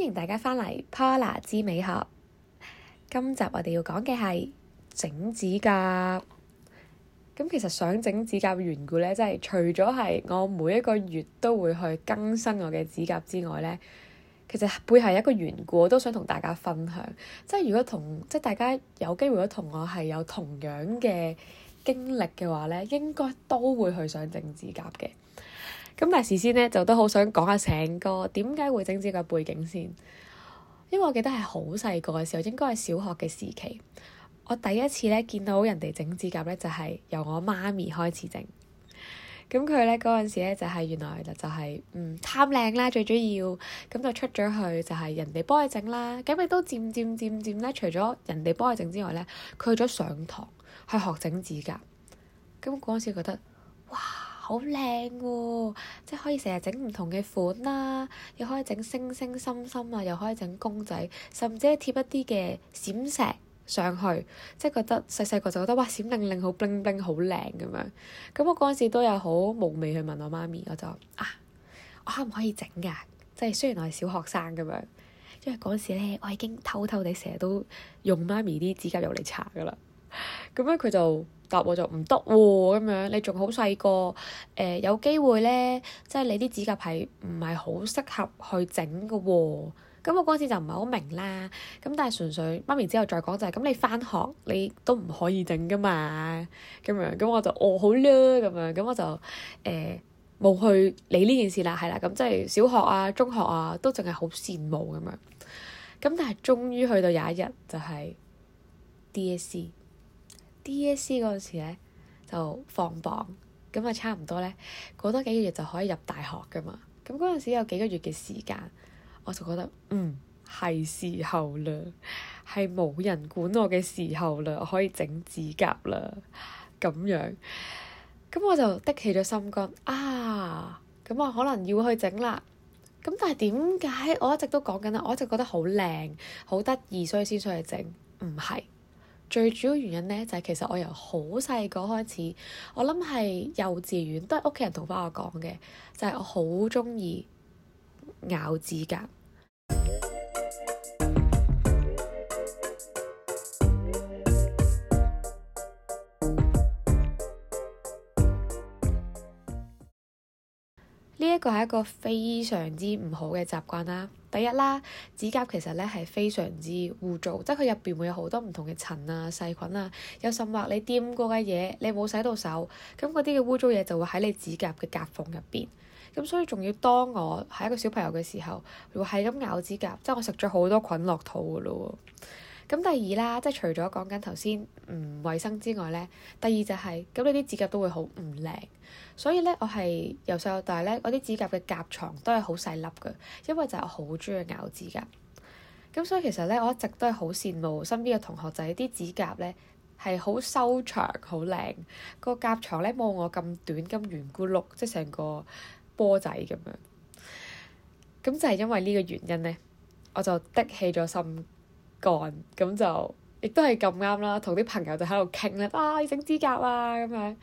歡迎大家翻嚟 Pola 之美學。今集我哋要講嘅係整指甲。咁其實想整指甲嘅緣故咧，即係除咗係我每一個月都會去更新我嘅指甲之外咧，其實背後係一個緣故，我都想同大家分享。即係如果同即係大家有機會，如果同我係有同樣嘅經歷嘅話咧，應該都會去想整指甲嘅。咁但係事先呢，就都好想講下成個點解會整指甲背景先。因為我記得係好細個嘅時候，應該係小學嘅時期，我第一次呢見到人哋整指甲呢，就係由我媽咪開始整。咁佢呢嗰陣時咧，就係原來就就係嗯貪靚啦，最主要咁就出咗去，就係人哋幫佢整啦。咁亦都漸漸漸漸呢，除咗人哋幫佢整之外呢，佢去咗上堂去學整指甲。咁嗰陣時覺得。好靚喎、哦！即係可以成日整唔同嘅款啦，又可以整星星心心啊，又可以整公仔，甚至係貼一啲嘅閃石上去，即係覺得細細個就覺得哇閃令令好冰冰好靚咁樣。咁我嗰陣時都有好無味去問我媽咪，我就啊，我可唔可以整㗎？即係雖然我係小學生咁樣，因為嗰陣時咧我已經偷偷哋成日都用媽咪啲指甲油嚟搽㗎啦。咁樣佢就～答我就唔得喎，咁樣你仲好細個，誒、呃、有機會咧，即係你啲指甲係唔係好適合去整嘅喎？咁我嗰陣時就唔係好明啦。咁但係純粹媽咪之後再講就係、是，咁你返學你都唔可以整㗎嘛，咁樣咁我就哦，好啦，咁樣咁我就誒冇、呃、去理呢件事啦，係啦，咁即係小學啊、中學啊都淨係好羨慕咁樣。咁但係終於去到有一日就係、是、DSE。DSE 嗰時咧就放榜，咁啊差唔多咧過多幾個月就可以入大學噶嘛。咁嗰陣時有幾個月嘅時間，我就覺得嗯係時候啦，係冇人管我嘅時候啦，我可以整指甲啦咁樣。咁我就的起咗心肝啊！咁我可能要去整啦。咁但係點解我一直都講緊啊？我一直覺得好靚好得意，所以先出去整，唔係。最主要原因呢，就係、是、其實我由好細個開始，我諗係幼稚園都係屋企人同返我講嘅，就係、是、我好中意咬指甲。呢一個係一個非常之唔好嘅習慣啦。第一啦，指甲其實咧係非常之污糟，即係佢入邊會有好多唔同嘅塵啊、細菌啊，又甚或你掂過嘅嘢，你冇洗到手，咁嗰啲嘅污糟嘢就會喺你指甲嘅夾縫入邊。咁所以仲要當我係一個小朋友嘅時候，會係咁咬指甲，即係我食咗好多菌落肚㗎咯。咁第二啦，即係除咗講緊頭先唔衛生之外呢，第二就係，咁你啲指甲都會好唔靚，所以呢，我係由細到大呢，我啲指甲嘅甲床都係好細粒嘅，因為就係我好中意咬指甲，咁所以其實呢，我一直都係好羨慕身邊嘅同學仔啲指甲呢，係好修長好靚，個甲床呢，冇我咁短咁圓咕碌，即係成個波仔咁樣，咁就係因為呢個原因呢，我就的起咗心。幹咁就亦都係咁啱啦，同啲朋友就喺度傾咧，啊要整指甲啦、啊、咁樣，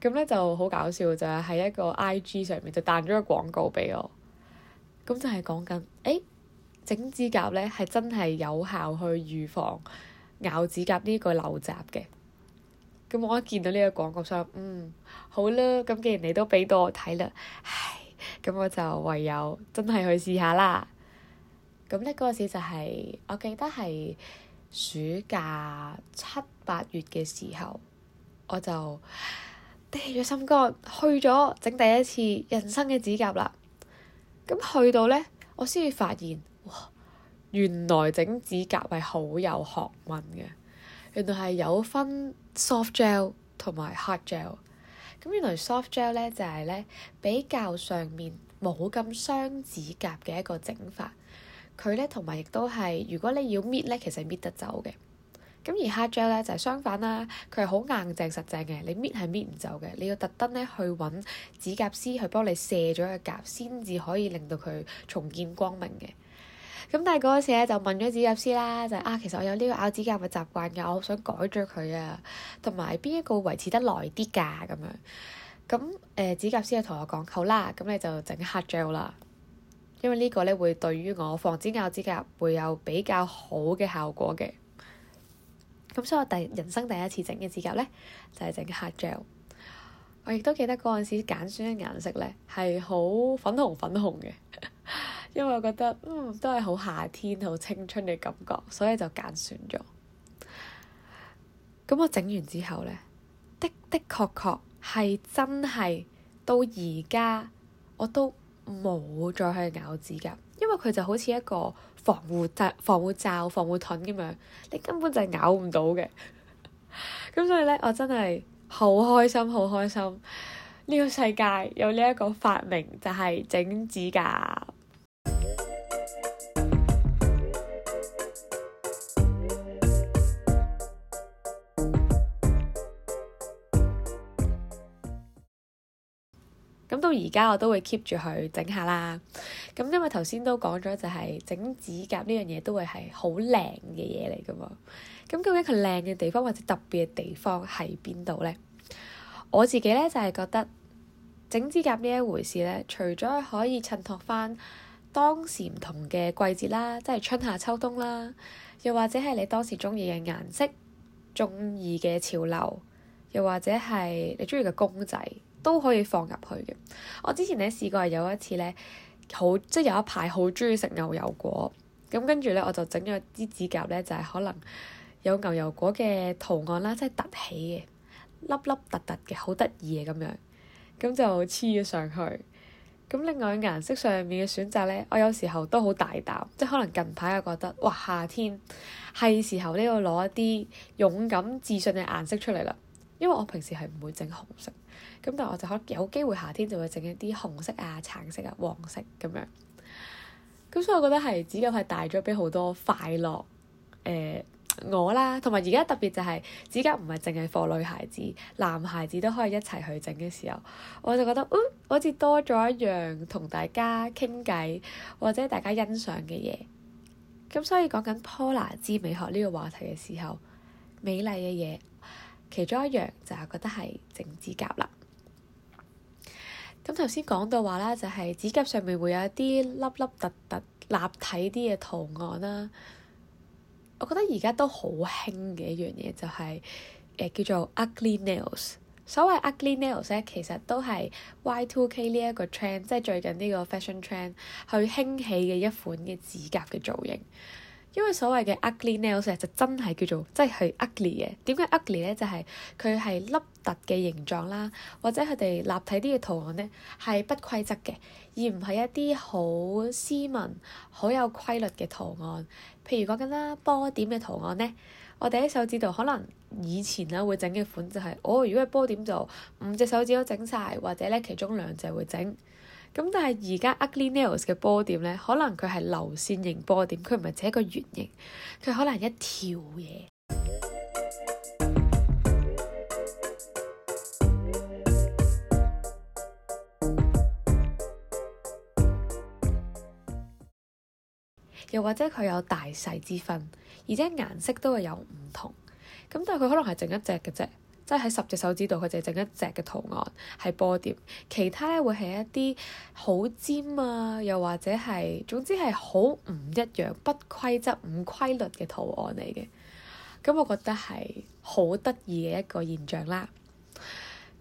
咁咧就好搞笑，就係喺一個 I G 上面就彈咗個廣告畀我，咁就係講緊誒整指甲咧係真係有效去預防咬指甲呢個陋習嘅，咁我一見到呢個廣告商，想嗯好啦，咁既然你都畀到我睇啦，唉，咁我就唯有真係去試下啦。咁呢嗰陣時就係、是、我記得係暑假七八月嘅時候，我就的起咗心肝去咗整第一次人生嘅指甲啦。咁去到呢，我先至發現，哇！原來整指甲係好有學問嘅。原來係有分 soft gel 同埋 hard gel。咁原來 soft gel 呢，就係、是、呢比較上面冇咁傷指甲嘅一個整法。佢咧同埋亦都係，如果你要搣咧，其實搣得走嘅。咁而黑 a r 咧就係、是、相反啦，佢係好硬淨實淨嘅，你搣係搣唔走嘅，你要特登咧去揾指甲師去幫你卸咗個甲，先至可以令到佢重見光明嘅。咁但係嗰一次咧就問咗指甲師啦，就係、是、啊，其實我有呢個咬指甲嘅習慣㗎，我好想改咗佢啊，同埋邊一個維持得耐啲㗎咁樣。咁誒、呃、指甲師就同我講：好啦，咁你就整黑 a r 啦。因為呢個咧會對於我防止咬指甲會有比較好嘅效果嘅，咁所以我第人生第一次整嘅指甲呢，就係整 hard gel。我亦都記得嗰陣時揀選嘅顏色呢，係好粉紅粉紅嘅， 因為我覺得嗯都係好夏天好青春嘅感覺，所以就揀選咗。咁我整完之後呢，的的確確係真係到而家我都。冇再去咬指甲，因為佢就好似一個防護罩、防護罩、防護盾咁樣，你根本就咬唔到嘅。咁 所以咧，我真係好開心，好開心！呢、這個世界有呢一個發明就係、是、整指甲。到而家我都會 keep 住去整下啦。咁因為頭先都講咗，就係整指甲呢樣嘢都會係好靚嘅嘢嚟㗎嘛。咁究竟佢靚嘅地方或者特別嘅地方喺邊度呢？我自己呢，就係、是、覺得整指甲呢一回事呢，除咗可以襯托翻當時唔同嘅季節啦，即係春夏秋冬啦，又或者係你當時中意嘅顏色、中意嘅潮流，又或者係你中意嘅公仔。都可以放入去嘅。我之前咧試過有一次咧，好即係有一排好中意食牛油果，咁跟住咧我就整咗啲指甲咧，就係可能有牛油果嘅圖案啦，即係凸起嘅，粒粒凸凸嘅，好得意嘅咁樣，咁就黐咗上去。咁另外顏色上面嘅選擇咧，我有時候都好大膽，即係可能近排我覺得，哇，夏天係時候呢個攞一啲勇敢自信嘅顏色出嚟啦。因為我平時係唔會整紅色，咁但係我就可能有機會夏天就會整一啲紅色啊、橙色啊、黃色咁樣。咁所以我覺得係指甲係帶咗畀好多快樂，誒、呃、我啦，同埋而家特別就係、是、指甲唔係淨係為女孩子，男孩子都可以一齊去整嘅時候，我就覺得嗯，好、哦、似多咗一樣同大家傾偈或者大家欣賞嘅嘢。咁所以講緊 Polar 姿美學呢個話題嘅時候，美麗嘅嘢。其中一樣就係覺得係整指甲啦。咁頭先講到話啦，就係、是、指甲上面會有一啲粒粒突突立體啲嘅圖案啦。我覺得而家都好興嘅一樣嘢，就係、是、誒、呃、叫做 Ugly Nails。所謂 Ugly Nails 咧，其實都係 Y2K 呢一個 trend，即係最近呢個 fashion trend 去興起嘅一款嘅指甲嘅造型。因為所謂嘅 ugly nails 就真係叫做即係係 ugly 嘅。點解 ugly 呢？就係佢係凹凸嘅形狀啦，或者佢哋立體啲嘅圖案呢係不規則嘅，而唔係一啲好斯文、好有規律嘅圖案。譬如講緊啦，波點嘅圖案呢，我哋喺手指度可能以前啦會整嘅款就係、是，哦，如果係波點就五隻手指都整晒，或者咧其中兩隻會整。咁但係而家 Ugly Nails 嘅波點呢，可能佢係流線型波點，佢唔係只一個圓形，佢可能一條嘢。 又或者佢有大細之分，而且顏色都係有唔同。咁但係佢可能係整一隻嘅啫。即係喺十隻手指度，佢就整一隻嘅圖案係波點。其他咧會係一啲好尖啊，又或者係總之係好唔一樣、不規則、唔規律嘅圖案嚟嘅。咁我覺得係好得意嘅一個現象啦。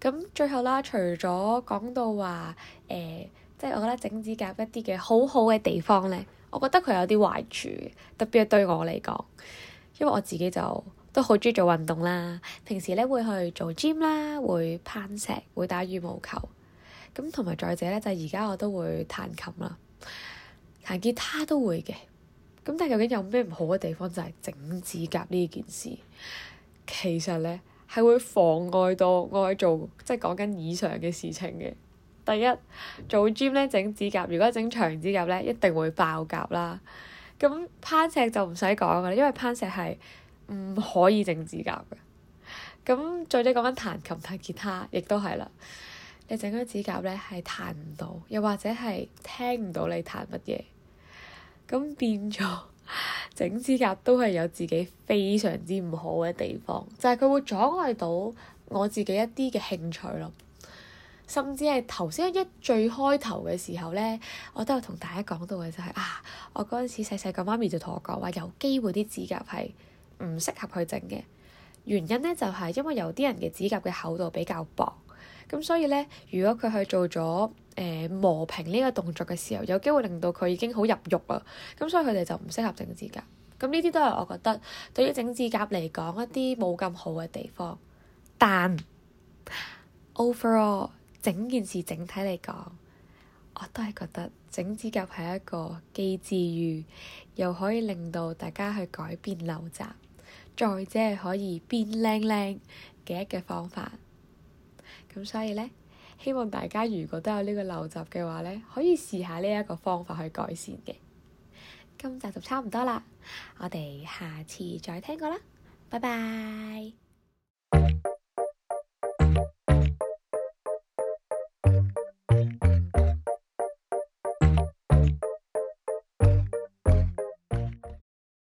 咁最後啦，除咗講到話誒，即係我覺得整指甲一啲嘅好好嘅地方咧，我覺得佢有啲壞處，特別係對我嚟講，因為我自己就～都好中意做運動啦，平時咧會去做 gym 啦，會攀石，會打羽毛球。咁同埋再者咧，就而家我都會彈琴啦，彈吉他都會嘅。咁但係究竟有咩唔好嘅地方？就係整指甲呢件事，其實咧係會妨礙到我去做即係講緊以上嘅事情嘅。第一，做 gym 咧整指甲，如果整長指甲咧一定會爆甲啦。咁攀石就唔使講啦，因為攀石係。唔可以整指甲嘅，咁再者講緊彈琴彈吉他，亦都係啦。你整咗指甲咧，係彈唔到，又或者係聽唔到你彈乜嘢。咁變咗整指甲都係有自己非常之唔好嘅地方，就係、是、佢會阻礙到我自己一啲嘅興趣咯。甚至係頭先一最開頭嘅時候咧，我都有同大家講到嘅就係、是、啊，我嗰陣時細細個，媽咪就同我講話，有機會啲指甲係。唔適合佢整嘅原因呢，就係因為有啲人嘅指甲嘅厚度比較薄，咁所以呢，如果佢去做咗誒、呃、磨平呢個動作嘅時候，有機會令到佢已經好入肉啦，咁所以佢哋就唔適合整指甲。咁呢啲都係我覺得對於整指甲嚟講一啲冇咁好嘅地方，但 overall 整件事整體嚟講，我都係覺得整指甲係一個既治愈又可以令到大家去改變陋習。再者，可以變靚靚嘅一個方法，咁所以咧，希望大家如果都有呢個陋習嘅話咧，可以試下呢一個方法去改善嘅。今集就差唔多啦，我哋下次再聽過啦，拜拜。